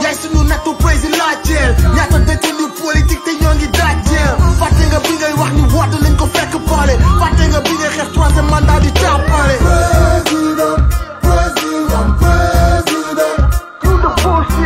Jij ze not net op prijs in laatjel Jij tot dit in die politiek te jong in dat jel Wat in you man President, president, president come de voorstel